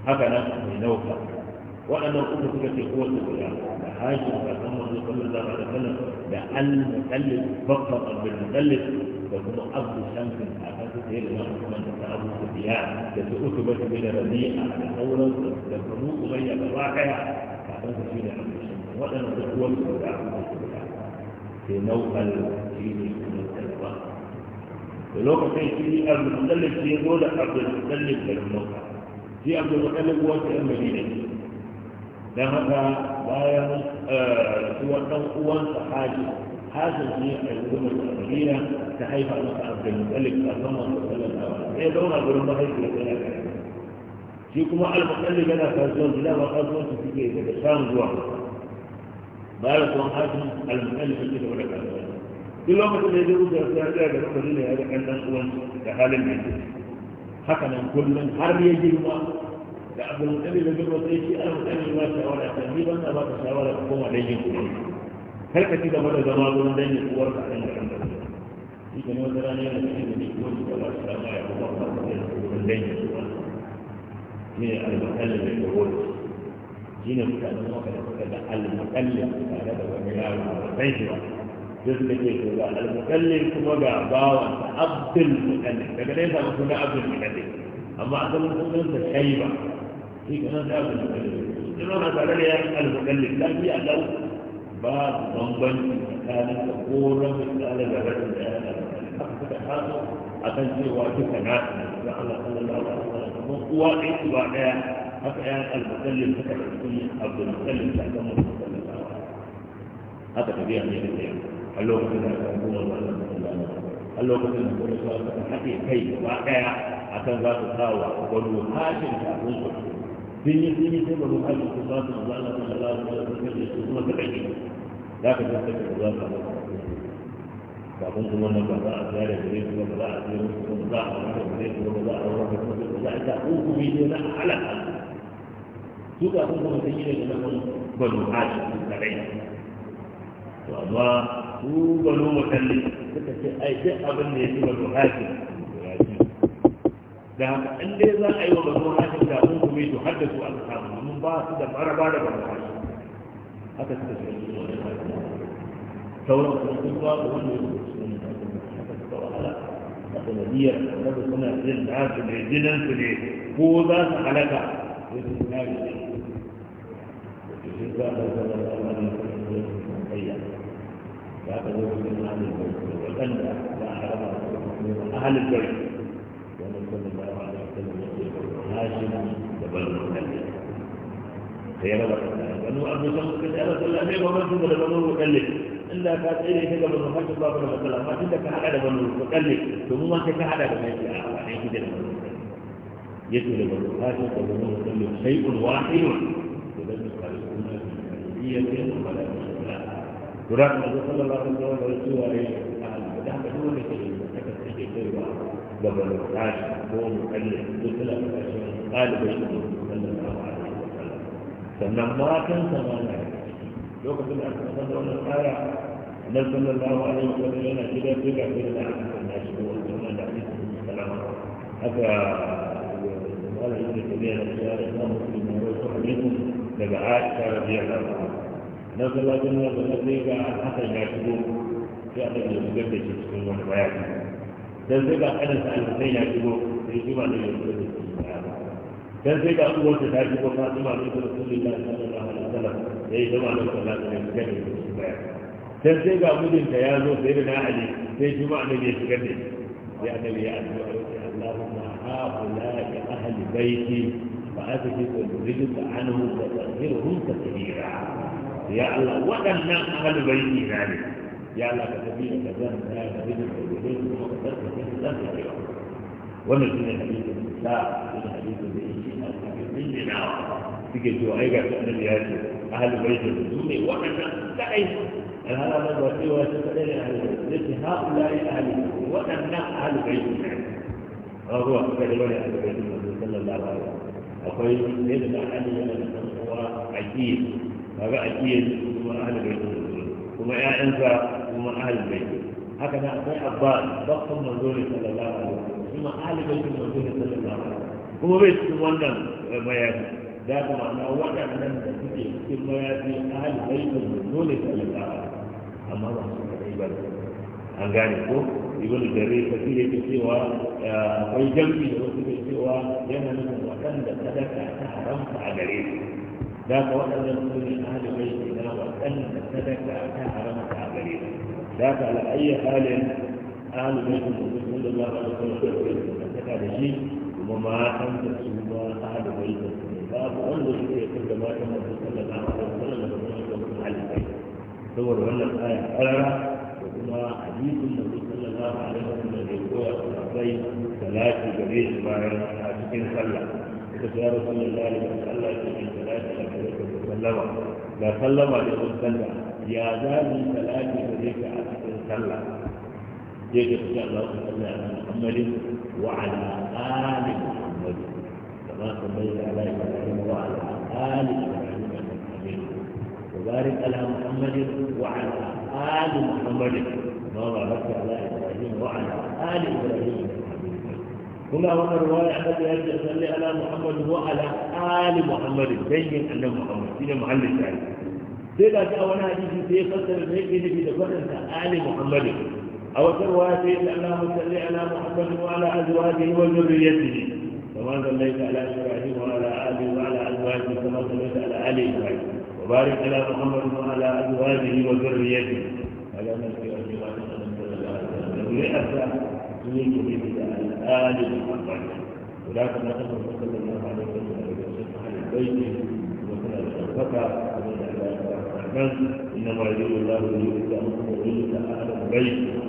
هكذا من نوفل وانا اقول لك في قوه القران هاجر بعد عمر بن صلى الله عليه وسلم لان المثلث فقط بالمثلث فهو ارض شمس حافظته لما حكم ان تتعرض فيها التي اثبت بين رديئه على قولا تموت بين الواقعه حافظته بين ارض الشمس وانا اقول لك في قوه القران في نوفل في المثلث في الوقت في ارض المثلث في دوله ارض المثلث في المنطقه في ارض المثلث هو في المدينه لهذا لا يمس هو هو فحاج هذا الجميع يقولون المسلمين كيف ان عبد الملك صلى الله عليه وسلم هي دون عبد الملك لكن فيكم على المسلم انا فازون لا وقازون في كيف تشان جوا بارك الله حاكم المؤلف الذي هو لك في الوقت الذي يدرس في هذا هذا هو الذي يدرس في هذا هو الذي يدرس في هذا هو الذي يدرس في هذا هو الذي يدرس da abin da da zuwa sai shi an kan ba shawara ta ni ban da ba ta shawara ko ma dai yin kuma kar ka ci gaba da zama gurin dan yin uwar ka dan kan shi ne wanda rana yana cikin da ni ko da ba shi da ya kuma ba ta da gurin dan yin uwar ne al-mutallib da gori shi ne suka da maka da suka da al-mutallib tare da wani yaro ba sai shi ba sai suka ce to ga al-mutallib kuma ga bawan abdul mutallib daga dai ba su da abdul mutallib amma asalin sunan sa shayba في كمان ده المكلف إنما مسألة المكلف لا في أدو بعض ضمن كانت تقول مثل على زبادة الآن أكن في واجب كنا لعل صلى الله عليه وسلم هو إتباع أكن المكلف فكر في عبد المكلف لكن المكلف هذا كبير من الدين هل لو كنت أقول الله a lokacin da kuma suwa suka haɗe kai gaba ɗaya a kan za su kawo wa wani hashin kafin su sun yi sun yi sai banu hajji su ba su maza na kuma za su zama kan da su kuma kaɗai ne za ka san kake za ka zama kafin kuma na ba za a tsaya da gare su ba za a tsaya da su ba a wani da gare su ba za a wani da ba za a ko uku yi na halaka su kafin kuma sun yi da zaman banu hajji su kaɗai to amma su banu mutallin suka ce ai duk abin da ya ci banu hajji da haka in dai za a yi wa banu hashim da mun kuma to har da su aka samu mun ba su da maraba da banu hashim haka suka ce sauran kuma sun ba su wanda ya su haka suka wahala a sanadiyar annabi suna jin nasu ne jinan su ne ko za su halaka sai su kare ne shi za a zama da al'amarin kuma da ya ka zo da al'amarin da waɗanda za a harama da ahalin gari والمكلف هي بلغ أنه أبو سمك أنا صلى أمير وما كنت لمن المكلف إلا فات إلي كده من محمد الله بن عبد الله ما كنت كحدا من المكلف ثم ما كنت كحدا من المكلف يعني كده يدل الوقات ومن المكلف شيء واحد يدل الخالقون في الكلفية ولا مشكلة تراك النبي صلى الله عليه وسلم ورسوله عليه أهل الفتح فهو لكي يتكتب في الدولة بابا الوقات هو مكلف مثل الأشياء ɗalibai shi ne sallallahu alaihi wa sallam sannan matan sama na lokacin da aka san da wannan aya sallallahu alaihi wa sallam yana gida sai da aka san shi wannan da ake salama haka da ne ko daga Aisha radiyallahu anha sallallahu alaihi wa sallam sai ga ya shigo sai aka yi shigar da shi cikin wani bayani dan sai ga ya shigo sai shi ma da ya shigo dan sai ga abubuwan da ta ji ko ta zama da Rasulullahi sallallahu alaihi wasallam yayi zama da sallallahu alaihi wasallam dan sai ga mijinta ya zo sai da Ali sai juma'a ne ya shiga ne ya annabi ya addu'a Allahumma ha'ula'i ahli baiti فأذهب الرزق عنهم وتغفرهم تكبيرا يا الله ودنا أهل بيتي ذلك يا الله كتبين كذا هذا رزق الرزق وتغفرهم تكبيرا ونزل الحديث الإسلام من حديث الإنجيل الحبيبين لنا تيجي جوائع من الياس أهل البيت الزومي وأنا تعي هذا من البيت هؤلاء البيت وأنا البيت وهو البيت هذا هو أهل البيت هم أهل البيت هكذا أبطال ضخم منزول صلى الله عليه وسلم kuma alibaitin manzon sallallahu kuma bai cikin wannan bayani eh, da ga ma'ana waɗannan da suke cikin mayafi alibaitin amma ba su ba an gane ko ibn jarir cewa eh, akwai jami'i da wasu ke cewa yana nufin waɗanda sadaka ta haramta a gare su da ka waɗannan su ne alibaitin na waɗanda sadaka ta haramta a gare su da al'ayyar halin ahalu bai da mutum da za a da kuma shirka da saka da shi kuma matan da su ma ahalu bai da su ne babu wanda su ke kan da matan da su kan da za a da kuma da kuma da kuma halittai saboda wannan aya karara da kuma hadisin da su kan da za a da kuma da koya su akwai salati gare shi bayan a cikin sallah ita ta yaro sallah da alimin sallah ta cikin salati da kuma da sallama da sallama da kuma sallah ya za mu salati gare ka a cikin sallah يجب ان شاء الله صلى على محمد وعلى ال محمد كما صليت على ابراهيم وعلى ال ابراهيم انك حميد وبارك على محمد وعلى ال محمد كما باركت على ابراهيم وعلى ال ابراهيم كما هنا رواية أحد يجب أن صلي على محمد وعلى آل محمد بين أن محمد هنا محل الشاهد سيدنا جاء ونادي في سيفسر الهيك في دفعة آل محمد أو رواية على مسلع على محمد وعلى أزواجه وذريته كما صليت على إبراهيم وعلى آله وعلى أزواجه كما صليت على آل إبراهيم وبارك على محمد وعلى أزواجه وذريته على نبي أجمعين صلى الله عليه وسلم لأسى تليك آل محمد وذاك نقص صلى الله عليه وسلم على بيته وسلم بشرفك ومن أعلى إنما يريد الله ليؤتى أمره ويؤتى أهل بيته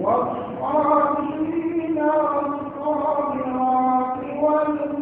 والصالحين والصالحات والمؤمنين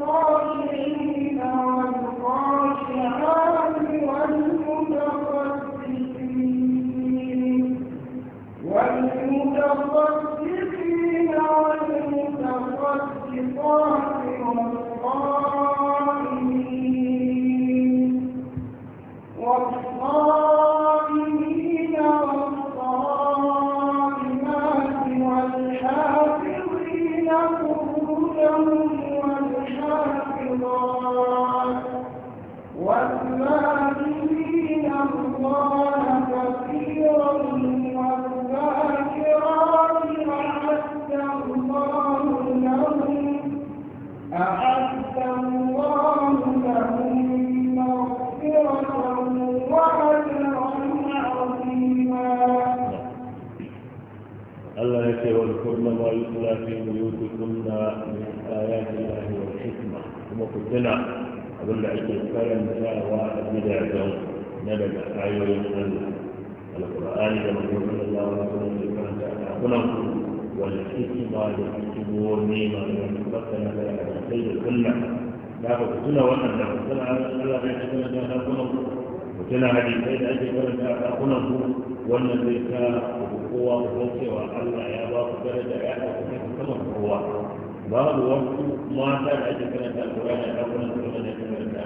kaga ku tuna wannan da ku tuna Allah ya tuna da ku ku tuna da ake karanta a dakunan ku wannan zai sa ku kowa ku san cewa Allah ya ba ku daraja ya ba ku kuma kowa babu wasu mata da ake karanta alƙur'ani a dakunan ku da ake karanta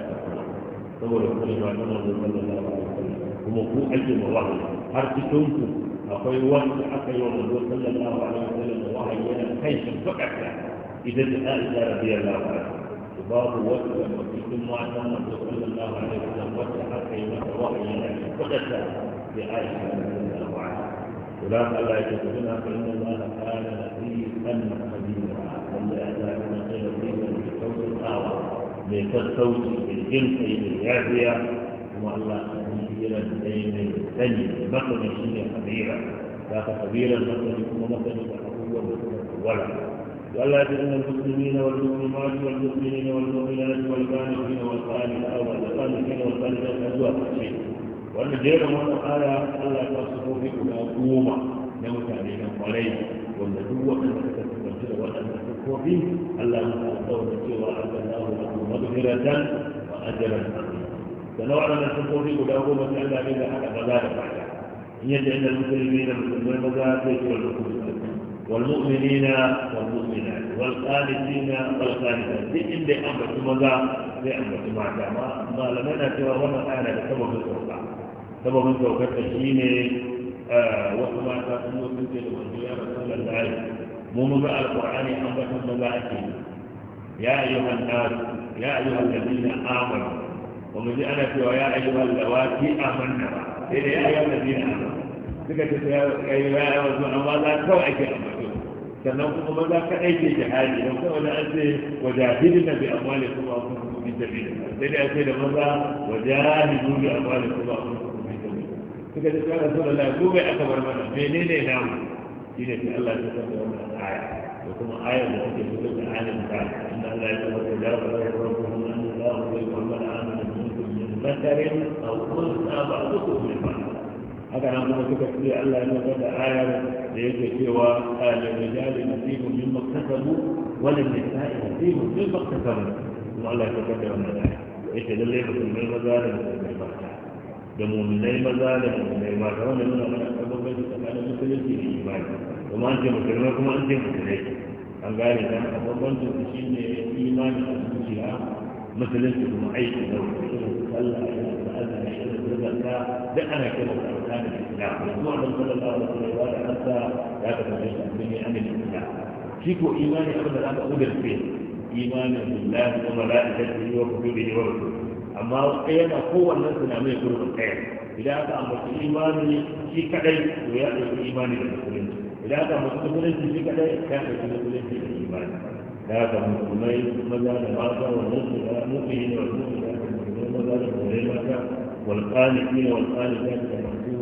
saboda ku ne ba nuna da sallallahu alaihi wasallam kuma ku ake mawahi har cikin ku akwai wanda aka yi wa manzo sallallahu alaihi wasallam wahayi yana kai shi fakarta idan da Aisha radiyallahu باب وجه المسلم وعن النبي صلى الله عليه وسلم فتح كلمه وحي فتح لعائشه رضي الله عنها ولا فلا يجوزنا فان الله كان لطيفا خبيرا ولا يزالون خير لطيفا بالصوت الاعور لتصوت بالجنس بالعافيه والله كبيرا بين الثاني مثلا شيء خبيرا ذاك خبيرا مثلا يكون مثلا هو ولا ولا تجعل المسلمين والمسلمات والمؤمنين والمؤمنات والقانتين والقانتين والقانتات أزواج الشيء والمجيرة من قال ألا تصفوا بكم أقوما نوت علينا عليه والنبوة أن تتفجر وأن تكفر به ألا تتفجر وأن الله مغفرة وأجلا فنوعا من تكفر بكم أقوما فإلا بلا حق مدار بعدها إن يجعل المسلمين المسلمين مدار فيجعل المسلمين والمؤمنين والمؤمنات والقانتين والقانتات دي إن دي أمر مزا دي أمر ماتا ما لمنا سوى وما أنا بسبب التوقع سبب التوقع تشيني وما كان يمكن أن رسول الله مو القرآن أمر مزا يا أيها الناس يا أيها الذين آمنوا ومن أنا سوى يا أيها اللواتي آمنا إلى أيها الذين آمنوا suka ce kai ya yi wasu an maza kawai ake ambato sannan kuma maza kaɗai ke jihadi don kawai da an ce a jahili na bi amwali kuma a kuma bin tafi sai dai an ce da maza wa jahili na bi amwali kuma a kuma bin tafi suka ce kawai rasu Allah ko bai aka bar mana menene namu shi ne sai Allah ya san da wannan aya da kuma ayar da take fito da alim ta inda Allah ya san da jawabin rabbukum an la ilaha illa huwa al-hayyul qayyum min dharin aw kuntum ba'dukum min ba'd haka nan kuma suka ce Allah ya saukar da ayar da yake cewa alil rijali nasibu mimma ta wal nisa'i nasibu mimma kasabu kuma Allah ya saukar da wannan ayar yake lalle musulmai maza da musulmai mata da muminai maza da muminai mata wannan nuna mana sababbai tsakanin musulunci da imani kuma an ce musulmai kuma an ce musulmai an gane dan a bambancin su shine imani a zuciya مثل انت معيش لو صلى فاذن الشرك انا لان في اركان الاسلام مجموع من صلى الله عليه حتى لا تتجشع مني عن الاسلام شيكو ايماني ابدا الان اقدر فيه ايمان بالله وملائكته وكتبه ورسله اما القيم قوه الناس نعمل يكون بالخير اذا اتى امر ايماني شيء كدي ويأتي ايماني بالمسلمين اذا اتى امر المسلمين شيء كدي كان في بالايمان da ka musulmai maza da mata wannan su da mu'mini da wannan su da musulmai maza da musulmai mata walƙaliki da walƙalika da masu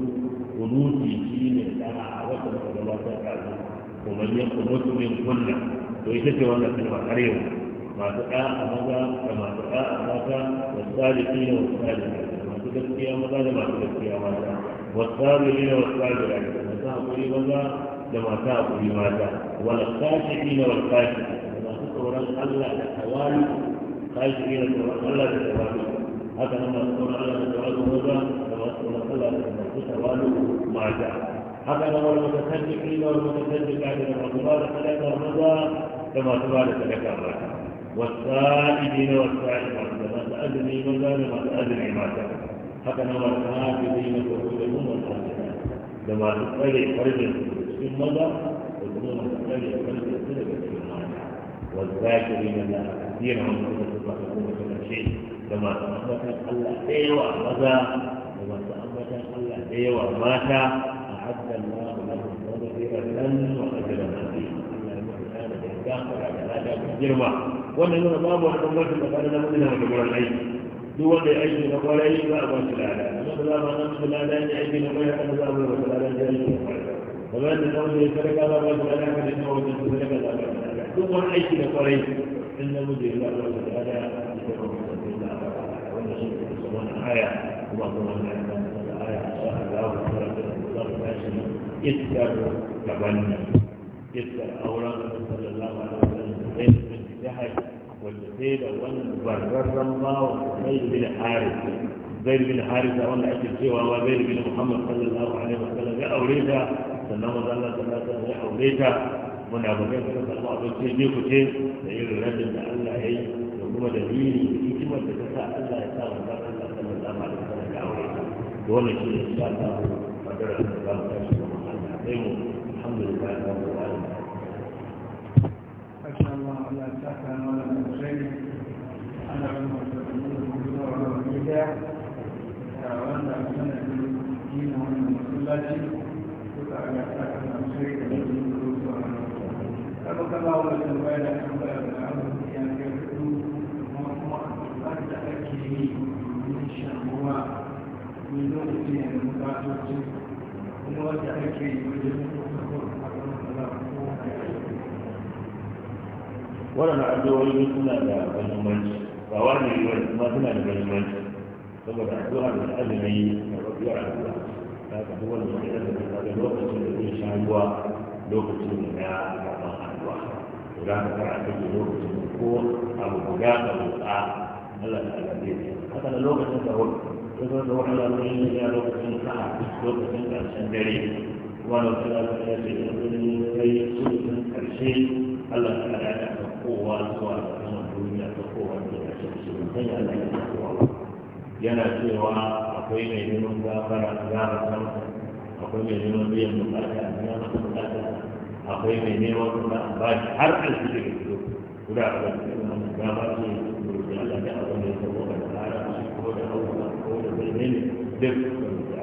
kunuti shi ne da a wata da mata ƙasa kuma ya kunutu min kulla to ita ce wannan kalma har yau masu a maza da masu a mata wasaliki da wasalika masu gaskiya maza da masu gaskiya mata wasaliki da wasalika masu haƙuri maza da masu haƙuri mata walƙashiki القرى الله حوالي تجري القرى الله حوالي هذا لما القرى الله حوالي هذا لما القرى الله حوالي ما جاء هذا لما المتسجد إلا المتسجد بعد الرسول صلى الله عليه وسلم كما سؤال سلك الرسول والسائدين والسائدين ما تأدني من ذلك ما تأدني ما تأدني حتى نوى الحافظين وقودهم والحافظين لما تطلع فرد في المضى وقودهم تطلع فرد في السلك والذاكرين لنا كثيرا من قدرة الله كل شيء كما تأمت ألا ديوى غدا كما تأمت ألا ديوى مات أعد الله له مغفرة وأجرا عظيما إلا أنه كان يتأخر على هذا الجرم وأن يكون الله أحد الله كما قال لنا مؤمنا وجبر العين دوا بأيدي نقول أي لا أبغى سلالة نقول لا ما نقول لا لا أيدي نقول لا نقول لا أبغى سلالة جل وعلا وما أنت تقول لي سلك هذا أبغى سلالة كذي نقول لك سلك هذا أبغى سلالة ثم عيش لطريق إن مدير الله لو هذا لتكون بسم الله وإن شئت تسمون الآية اللهم لا يمنى الآية عشاء الله وفرة الله فاشل اتكر كبنى اتكر أولاد صلى الله عليه وسلم بين من تجاهك والجسيد أولا برر الله وخير بن حارث زيد بن حارث أولا أجل سوى وزيد بن محمد صلى الله عليه وسلم يا أوليتا سلام الله صلى الله عليه وسلم يا أوليتا muna ba zai kuma samu abinci ne ku ce da irin rabin da Allah ya yi da kuma da riri da hikimar da ta sa Allah ya sa wanda Allah sallallahu alaihi wasallam ya aure ta dole shi ne ya ta magana da za mu tashi da Allah sai mu alhamdulillah da mu wani Allah Allah ana kuma da mu da wanda da da da mu waɗanda addu'o'i suna da mahimmanci ba wani kuma suna da mahimmanci saboda addu'a da azumi da rabuwar addu'a ta ka duk wanda ya da lokacin da zai sha ruwa lokacin da ya فلان ترى في في الوقوع أو فلان أو وقاء هلا الأبدية حتى لوكة تقول تقول تروح على الدين إلى لوكة تقول لوكة عشان دليل ولو كان في شيء الشيء الله تعالى القوة سواء كانت الدنيا القوة من الشمس من هي القوة yana cewa akwai mai neman gafara a gara akwai mai neman biyan bukata a gara bukata akwai mai neman kuma ba shi har a shi da fito guda a wani irin wannan gaba ce da Allah da abin da ya sabo da tsara ko da hausa ko da bayyane duk da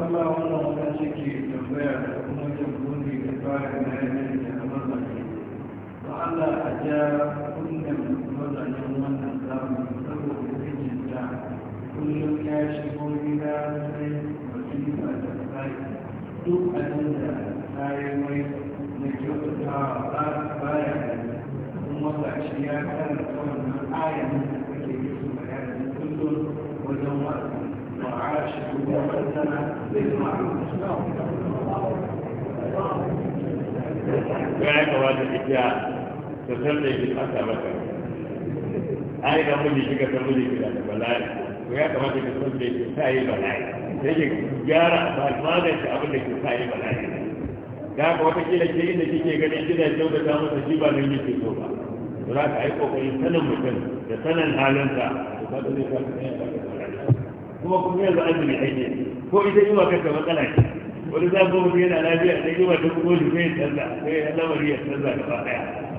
Allah Allah wannan wata ce ke tambaya da kuma jamhuri da fara na yanayi da mazaje ba Allah a ja kunnen mazajen wannan zamani saboda mijinta kullum ya shigo gida sai wasiƙa da tsari duk abin da kayan mai na kyautata ba baya da kuma ga shi ya karanta wannan ayan da kake yi su bayanin kullum wajen wasu wa'ashi kuma wasana zai ma'aikata ya kamata ita ta san da yi aka maka ai da miji kika san miji kika da bala'i ya kamata ka san da yi ta yi bala'i sai ya gyara magance abin da ke sa yi bala'i da haka watakila ke inda kike ganin kina kyautata masa shi ba nan yake so ba to za ka yi kokarin sanin mutum da sanin halinsa to ka zai ka kuma kuma yanzu ko ita yi maka ka matsala ce wani zan yana lafiya sai yi maka kuma shi zai ya canza sai ya lamari ya canza gaba daya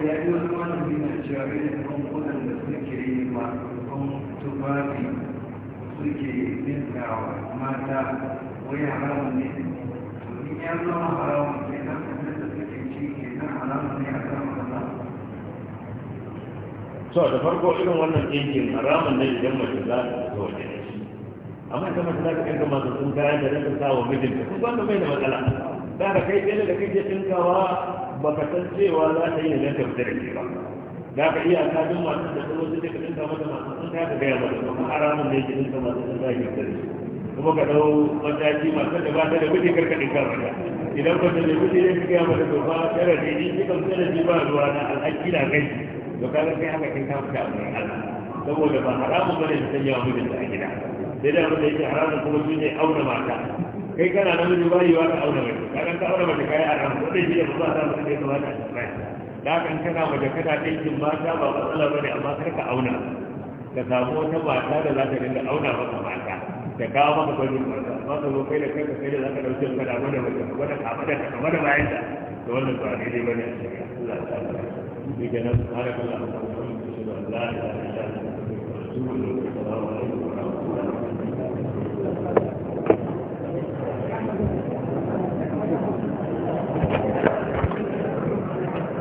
ya yi wani wannan yana cewa irin kankunan da suke yi makon tufafi suke dinkawa mata waya haramun ne in ya zama haramun ke nan kasar da suke ci ke nan haramun ne a kan kasa so da farko irin wannan ɗinkin haramun ne idan mace za ta zo da shi amma idan mace za ta kai masu sun kayan da zai sa wa mijinta sun kwanta mai da matsala da da kai tsaye da kake tinkawa ba ka san cewa za ta yi ne don ta fita da ke ba da ka iya ka duk masu da kuma sai ka dinka mata masu sun ka gaya masu kuma haramun da yake dinka masu sun zaki yi tsari kuma ka dau mataki masu da ba ta da kuɗi karka dinka mata idan ba ta da kuɗi ne su gaya masu dofa ba tara da ni shi kan tsara ji ba ruwa na alhaki da kai to ka ga kai haka kin ka fita a Allah saboda ba haramun bane da sanya mu da a gida sai da abin da yake haramun kuma ne aure mata kai kana namiji ba yi wa ka auna mai kana ka auna mai kai haram ko dai biya ba ta da ya kamata a tsaya da kan kana mace kana ɗinkin mata ba Allah bane amma kar ka auna ka samu wata mata da za ta dinga auna ka mata da ba ka gwajin ba ba ka kai da kai ka kai da za ka ɗauke ka da mace ka ba da ka ba da bayan ta to wannan ba dai bane a shari'a Allah ta ala shi ke nan subhanakallahu Allah bihamdihi